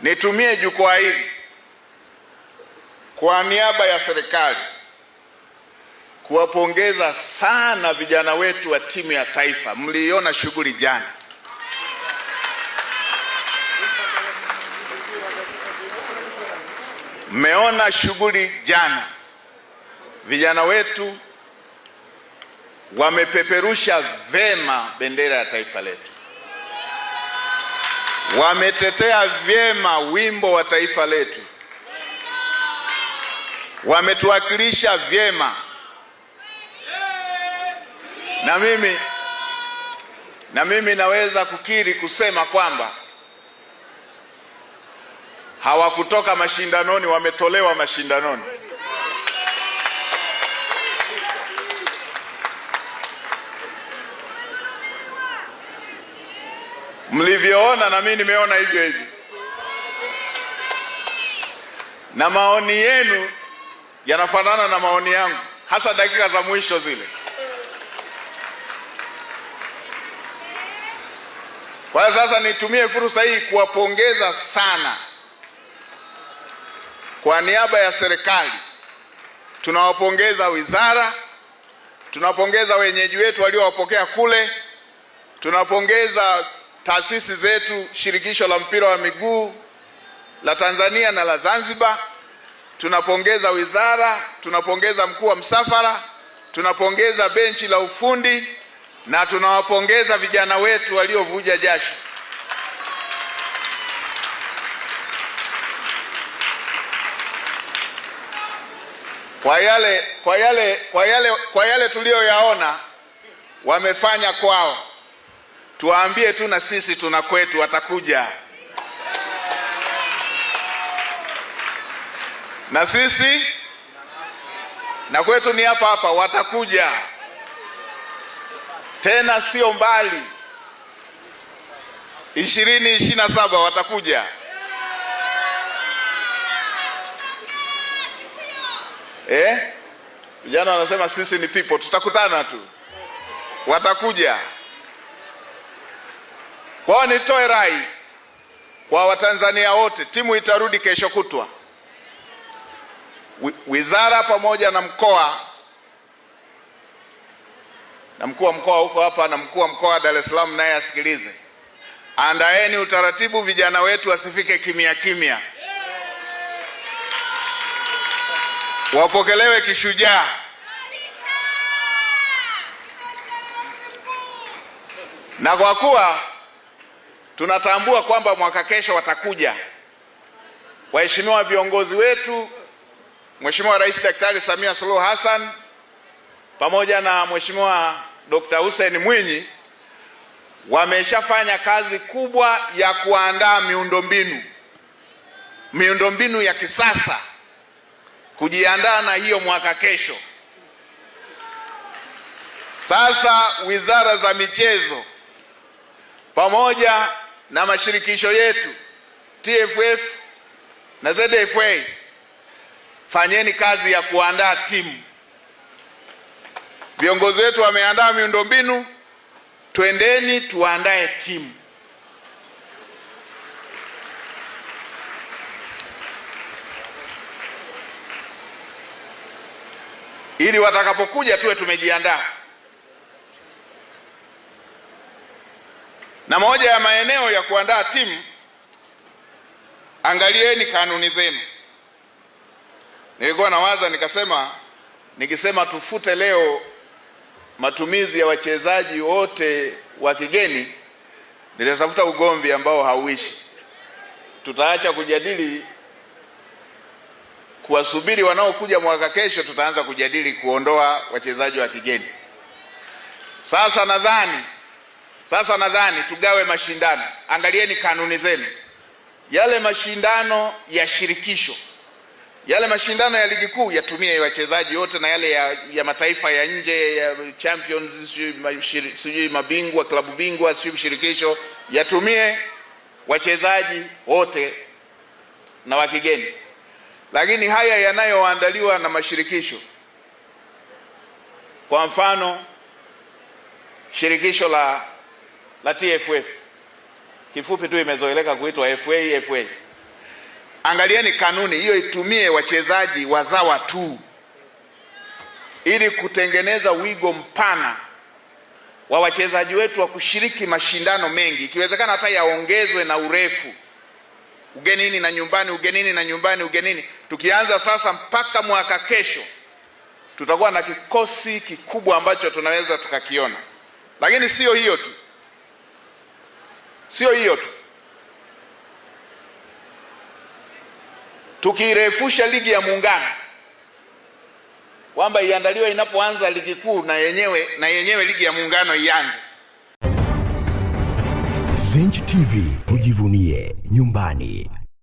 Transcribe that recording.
Nitumie jukwaa hili kwa niaba ya serikali kuwapongeza sana vijana wetu wa timu ya taifa. Mliiona shughuli jana, mmeona shughuli jana. Vijana wetu wamepeperusha vema bendera ya taifa letu wametetea vyema wimbo wa taifa letu, wametuwakilisha vyema. Na mimi, na mimi naweza kukiri kusema kwamba hawakutoka mashindanoni, wametolewa mashindanoni. mlivyoona, na mimi nimeona hivyo hivyo, na maoni yenu yanafanana na maoni yangu, hasa dakika za mwisho zile. Kwa hiyo sasa nitumie fursa hii kuwapongeza sana kwa niaba ya serikali. Tunawapongeza wizara, tunawapongeza wenyeji wetu waliowapokea kule, tunawapongeza taasisi zetu, shirikisho la mpira wa miguu la Tanzania na la Zanzibar, tunapongeza wizara, tunapongeza mkuu wa msafara, tunapongeza benchi la ufundi na tunawapongeza vijana wetu waliovuja jasho. Kwa yale, kwa yale, kwa yale, kwa yale tuliyoyaona wamefanya kwao Tuwaambie tu na sisi tuna kwetu, watakuja na sisi na kwetu ni hapa hapa, watakuja tena, sio mbali, ishirini ishirini na saba watakuja. Eh, vijana wanasema sisi ni people, tutakutana tu, watakuja. Kwa hiyo nitoe rai kwa Watanzania wote, timu itarudi kesho kutwa. Wizara pamoja na mkoa na mkuu wa mkoa huko hapa na mkuu wa mkoa wa Dar es Salaam naye asikilize, andaeni utaratibu, vijana wetu wasifike kimya kimya, wapokelewe kishujaa. Na kwa kuwa Tunatambua kwamba mwaka kesho watakuja waheshimiwa viongozi wetu, Mheshimiwa Rais Daktari Samia Suluhu Hassan pamoja na Mheshimiwa Dr. Hussein Mwinyi wameshafanya kazi kubwa ya kuandaa miundombinu miundombinu ya kisasa kujiandaa na hiyo mwaka kesho. Sasa wizara za michezo pamoja na mashirikisho yetu TFF na ZFA, fanyeni kazi ya kuandaa timu. Viongozi wetu wameandaa miundombinu, twendeni tuandae timu. ili watakapokuja tuwe tumejiandaa. Na moja ya maeneo ya kuandaa timu, angalieni kanuni zenu. Nilikuwa nawaza nikasema, nikisema tufute leo matumizi ya wachezaji wote wa kigeni, nitatafuta ugomvi ambao hauishi. Tutaacha kujadili kuwasubiri wanaokuja mwaka kesho, tutaanza kujadili kuondoa wachezaji wa kigeni. Sasa nadhani sasa nadhani tugawe mashindano, angalieni kanuni zenu. Yale mashindano ya shirikisho, yale mashindano ya ligi kuu yatumie wachezaji wote, na yale ya, ya mataifa ya nje ya champions, sijui mabingwa, klabu bingwa, sijui shirikisho, yatumie wachezaji wote na wakigeni Lakini haya yanayoandaliwa na mashirikisho, kwa mfano shirikisho la la TFF, kifupi tu imezoeleka kuitwa FA FA. Angalieni kanuni hiyo, itumie wachezaji wazawa tu, ili kutengeneza wigo mpana wa wachezaji wetu wa kushiriki mashindano mengi, ikiwezekana hata yaongezwe na urefu, ugenini na nyumbani, ugenini na nyumbani, ugenini. Tukianza sasa mpaka mwaka kesho, tutakuwa na kikosi kikubwa ambacho tunaweza tukakiona, lakini sio hiyo tu. Sio hiyo tu, tukirefusha ligi ya muungano kwamba iandaliwe inapoanza ligi kuu na yenyewe, na yenyewe ligi ya muungano ianze. Zenj TV